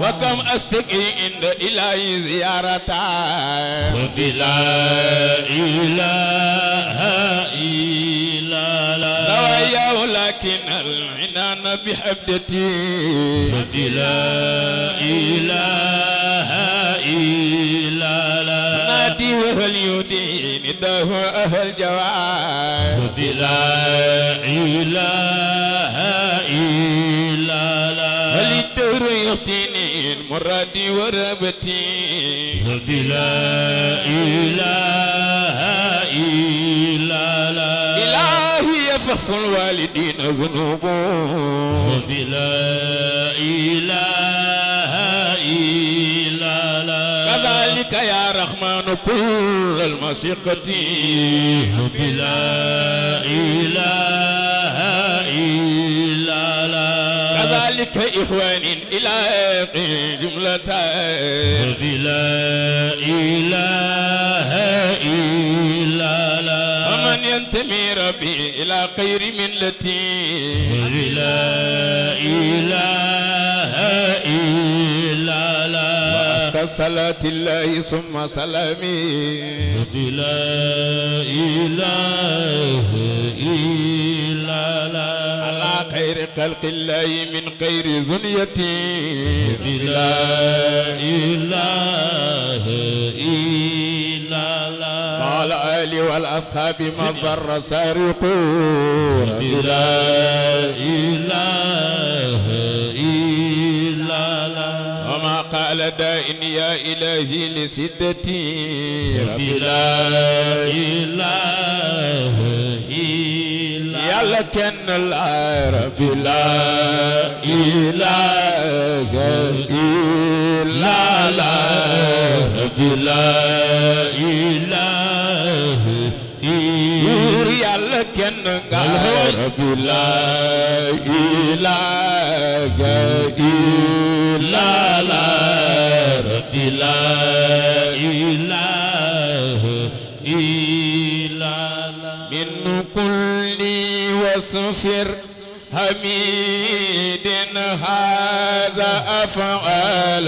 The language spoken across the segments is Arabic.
وكم أستقي إن إلهي زيارة قل لا إله إلا لا نوايا ولكن العنان بحبتي قل لا إله إلا لا نادي وهل يدين نداه أهل جواب قل لا إله مرادي وربتي قلت لا إله إلا لا إلهي يفف الوالدين ذنوبه قلت لا إله إلا لا كذلك يا رحمن كل المسيقتي قلت لا إله ذلك إخوان إلى جملة لا إله إلا لا ومن ينتمي ربي إلى خير من التي لا إله إلا لا وأسكى صلاة الله ثم سلامي لا إله إلا لا على خير خلق الله من غير زنيتي لا إله إلا الله قال آلي والأصحاب ما ظر سارقون لا إله إلا الله وما قال دائن يا إلهي لسدتي لا إله يلا كن العرب لا إله إلا لا بلا إله نور يلا كن العرب لا إله إلا لا بلا يسفر حميد هذا أفعال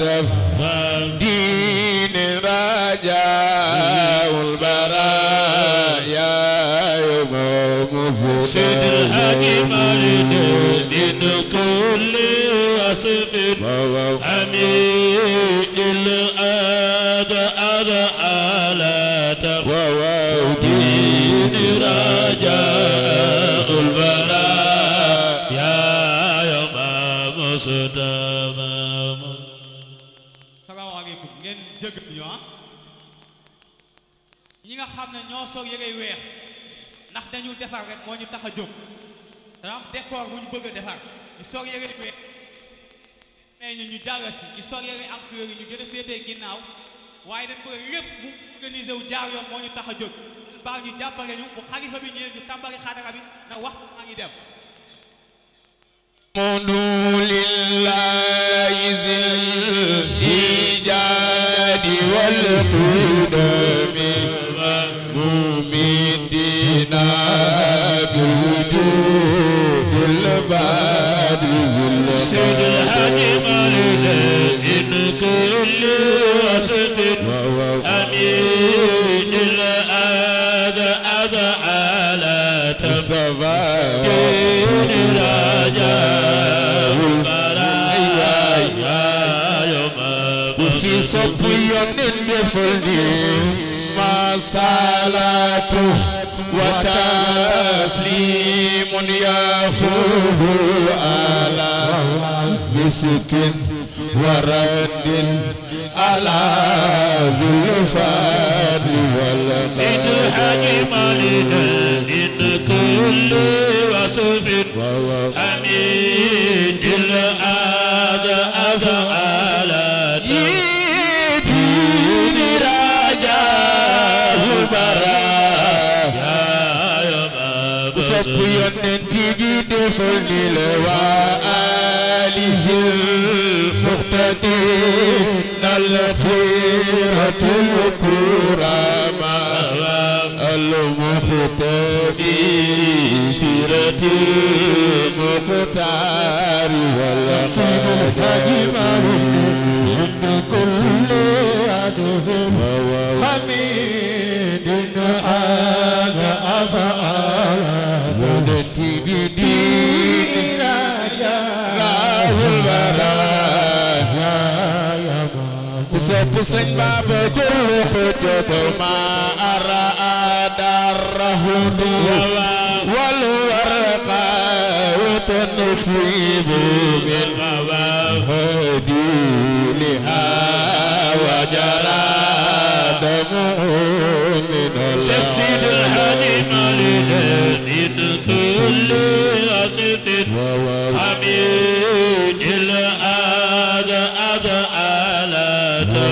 تفهم دين رجاء البرايا يوم سيد الحكيم لدين كل وصف حميد هذا أفعال ndax dañu defar rek moo ñu tax a jóg dafa am décor bu ñu bëgg a defar ñu soog yëre yu weex mais ñu ñu jàll si ñu soog yëre am couleur yi ñu gën a féetee ginnaaw waaye dañ bëgg lépp mu organisé wu jaar yoon moo ñu tax a jóg baax ñu jàppale ñu bu xalifa bi ñëwee ñu tàmbali xaadara bi na wax maa ngi dem modu lillahi zil سيد الحاج مالك إن كل وسط أمين الأذى أذى على تمكين رجاء البرايا وفي صبي يفلي صلاته وتسليم يفوه على مسك ورد على زلفان ولا سيد الحاج مالنا إن كل وصف حميد الآد أفعالا دين راجاه برا يا يا بابا سبيا ننتجي دفن الوعاد عليه المقتدين الخيرة الكرامة المقتدين سيرة المختار والخادم عند كل حميد سن باب كل بجد ما أراد الرهد والورق وتنخيب من هدي لها وجرى دمه من سيد الحليم لدن كل أسد حميد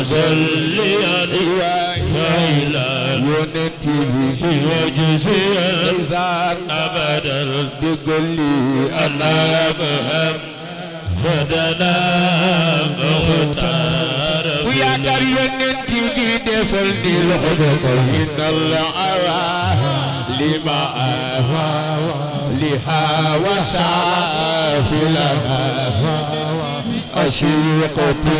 وسليا ليلا ينتهي وجزيا أبدا بكل أنا مهمدنا مختار ويا دار ينتهي دفلني لحظة إن الله أرى لما أهوى لها وسعى في لها أشيقتي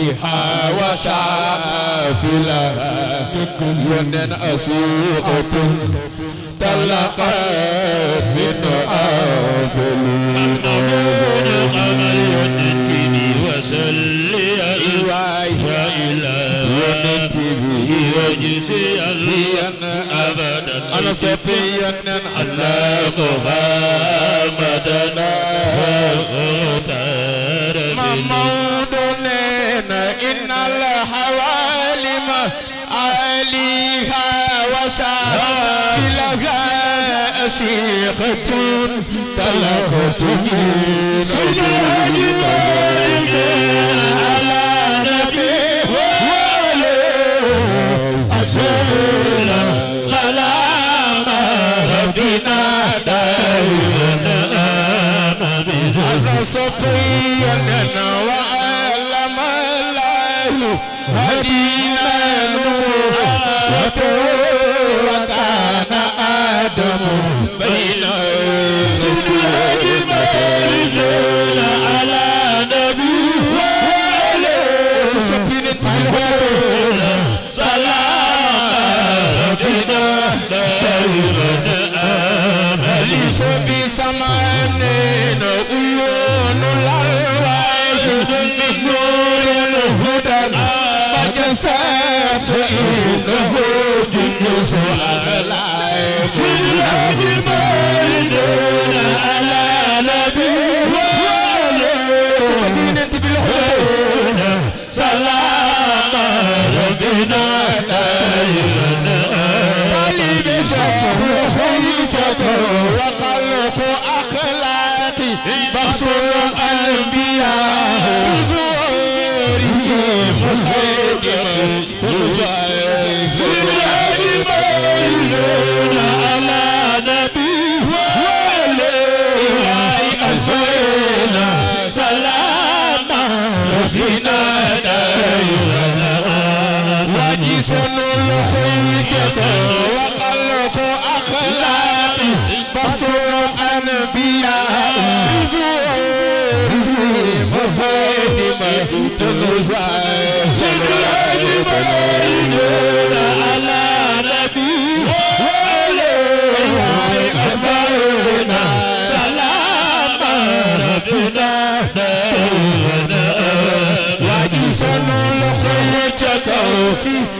لها وشاف لها ينن أسوقة تلقت من أفلين وسلي وإلى وجزيا أبدا أنا صفيا على محمدنا وغتار إن الحوالم عليها وسائلها أسيخة تلقتني سجاج على نبي وعليه أدولا سلام ربنا دائما أنا صفيا lu madina adamu sisi so شن لحيتك وقلق أخلاقي بشر أنبياء مقدمة تنفع سجاج بلين على نبي وعليه أمرنا سلام ربنا وعليه سنلقيتك في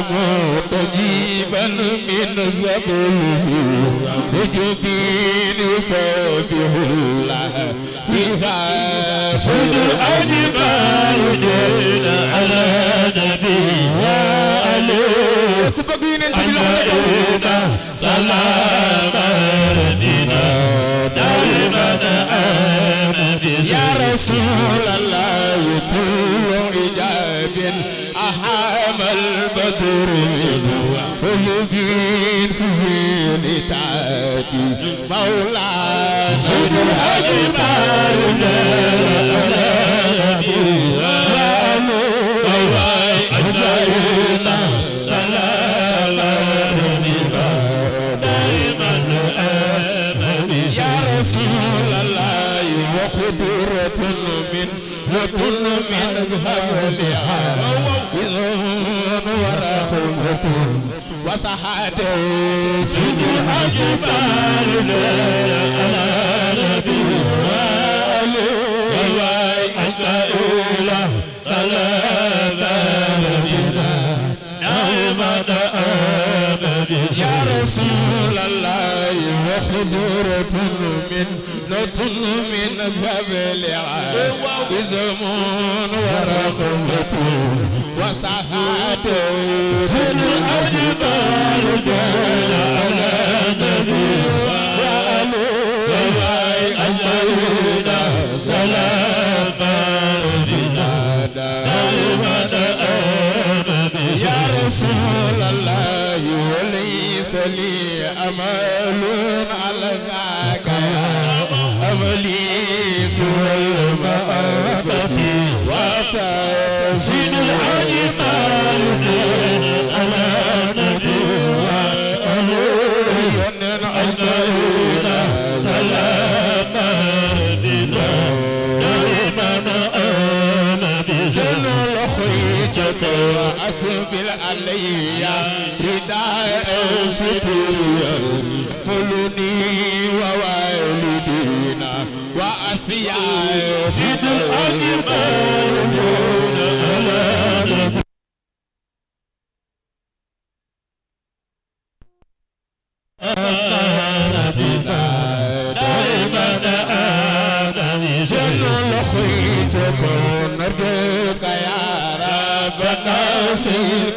مطجيبا من قبله وجبين يسبح الله فيها شجر أجبار جل على نبيه وعليه أجمعين سلام ربنا دائما آمن يا رسول الله النور يجيب سهيل تاتي مولاي من هولها يزوم ورخوهم وصحاته سجد الأجبال على نبي وآله أنت إله ثلاثة نبينا نعمة آمن يا رسول الله وخدرة من فتنة من عام بزمون ورقبة وسعادة في الأجبال جل على أخرجك وأسبل علي رداء ستوريا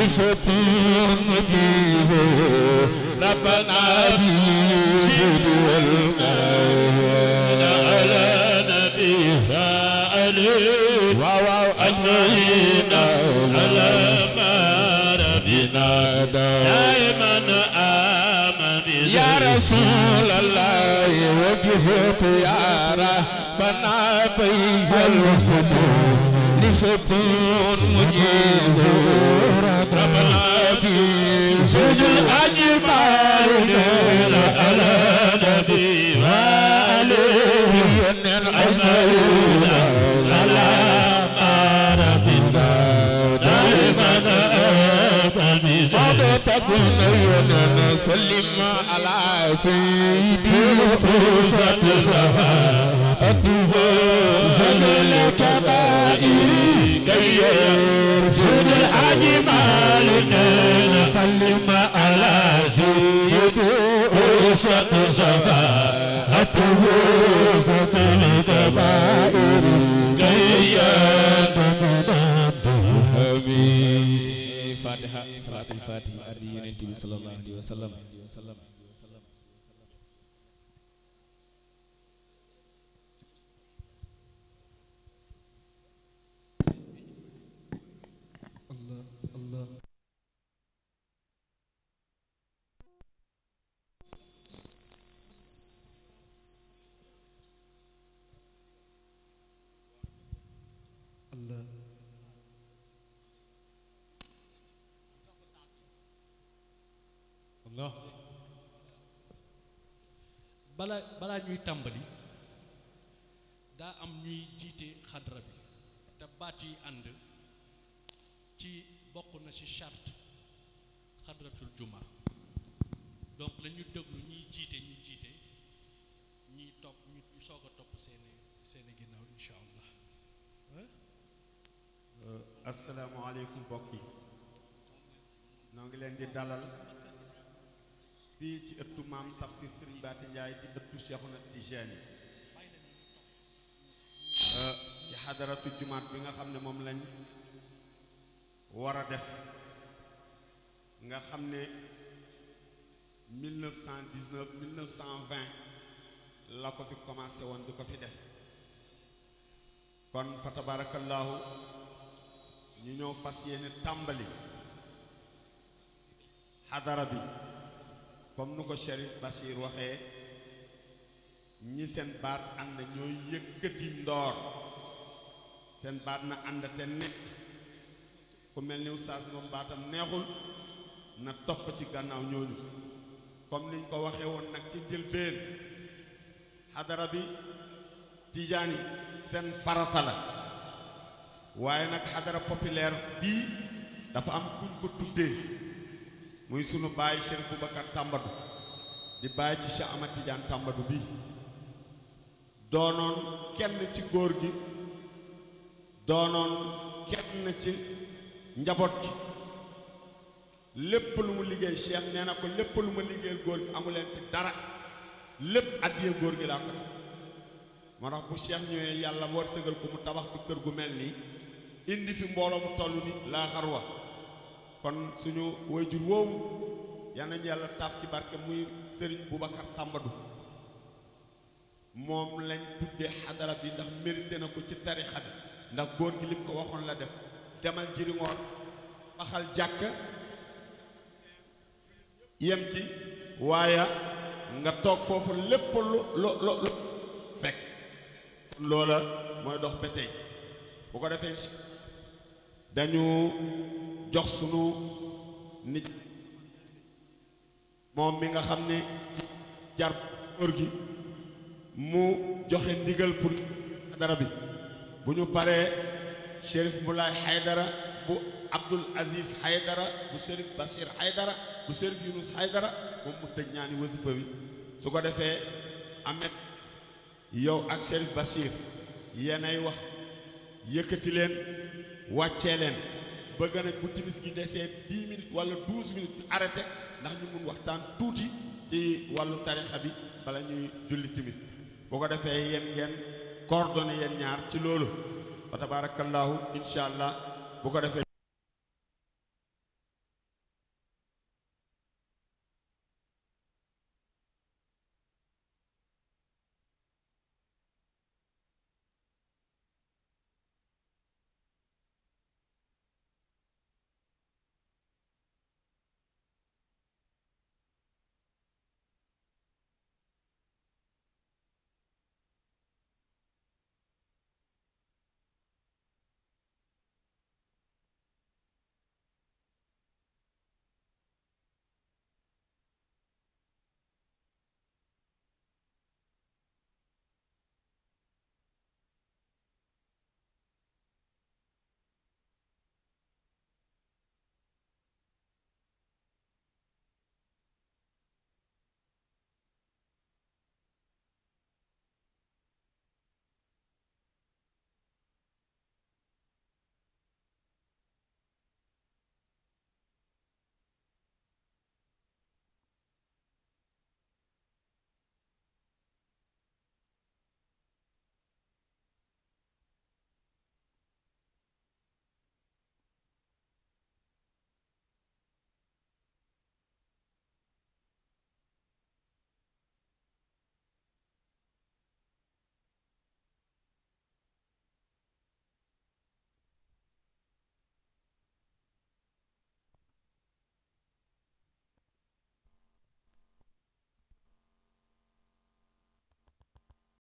بفتن نبيه ربنا بيد والقائد على نبيها على ما ربنا دائما يا رسول الله وجهك يا ربنا بين الخدود لفتن مجيزورا النبي زد الأجمال نبي وآله من أجمعين سلام ربنا دائما أبدا ما تكون يونا سلم على سيدي قصة شفاعته زل الكبائر كي يرشد الأجمال وسلم على سيد أشق شفاعته ذات الكبائر كي يتمنى فاتحة صلاة الفاتحة أدي ينتبه صلى الله عليه وسلم balaa balaa ñuy tàmbali daa am ñuy jiite xadra bi te baat yi ànd ci bokk na ci charte xadratul juma donc la ñu déglu ñuy jiite ñuy jiite ñuy topp ñu soog a topp seeni seeni ginnaaw incha allah euh, asalaamaaleykum mbokk yi noo ngi leen di dalal fii ci ëttu maam tafsir Serigne Baati Ndiaye ci ëttu Cheikhouna Tijani euh, ci xadaratu jumaat bi nga xam ne moom lañ war a def nga xam ne 1919 1920 la ko fi commencé woon di ko fi def kon fa tabarakallahu ñu ñëw fas yéene tàmbali xadara bi comme nu ko Chérif Bachir waxee ñi seen baat ànd ñooy yëkkati ndoor seen baat na ànd nekk ku mel ni Oustaz moom baatam neexul na topp ci gannaaw ñooñu comme niñ ko waxee woon nag ci njëlbeen xadara bi tijaan seen farata waaye nag xadara populaire bii dafa am kuñ ko tuddee muy sunu baay Cheikh Boubacar Tambadou di baay ci Cheikh Ahmad Tidiane Tambadou bi doonoon kenn ci góor gi doonoon kenn ci njaboot gi lépp lu mu liggéey Cheikh nee na ko lépp lu ma liggéeyal góor gi amuleen fi dara lépp addiye góor gi laa ko def moo bu Cheikh ñëwee yàlla war sëgal ko mu tabax fi kër gu mel nii indi fi mbooloo mu toll ni laa xarwa kon suñu wayjur woowu yan nañu yàlla taaf ci barke muy Serigne Boubacar Tambadou moom lañ tuddee xadara bi ndax mérité na ko ci tarixa bi ndax góor gi lim ko waxoon la def demal jiriŋoor baxal jàkk yem ci waaye nga toog foofu lépp lu lu lu lu fekk loola mooy dox ba bu ko defee dañu jox sunu nit moom mi nga xam ni jar góor gi mu joxe ndigal pour xadara bi bu ñu paree Chérif Moulay Haydara bu Abdul Aziz Haydara bu Chérif Bachir Haydara bu Chérif Yunus Haydara moom mu tëj ñaani wasifa bi su ko defee Ahmed yow ak Chérif Bachir ay wax yëkkati leen wàccee leen bëgg nañ bu timis gi desee 10 minutes wala 12 minutes ñu arrêté ndax ñu mun waxtaan tuuti ci wàllu tarixa bi bala ñuy julli timis boo ko defee yéen ngeen coordonné yéen ñaar ci loolu fa tabarakallahu incha allah boo ko defee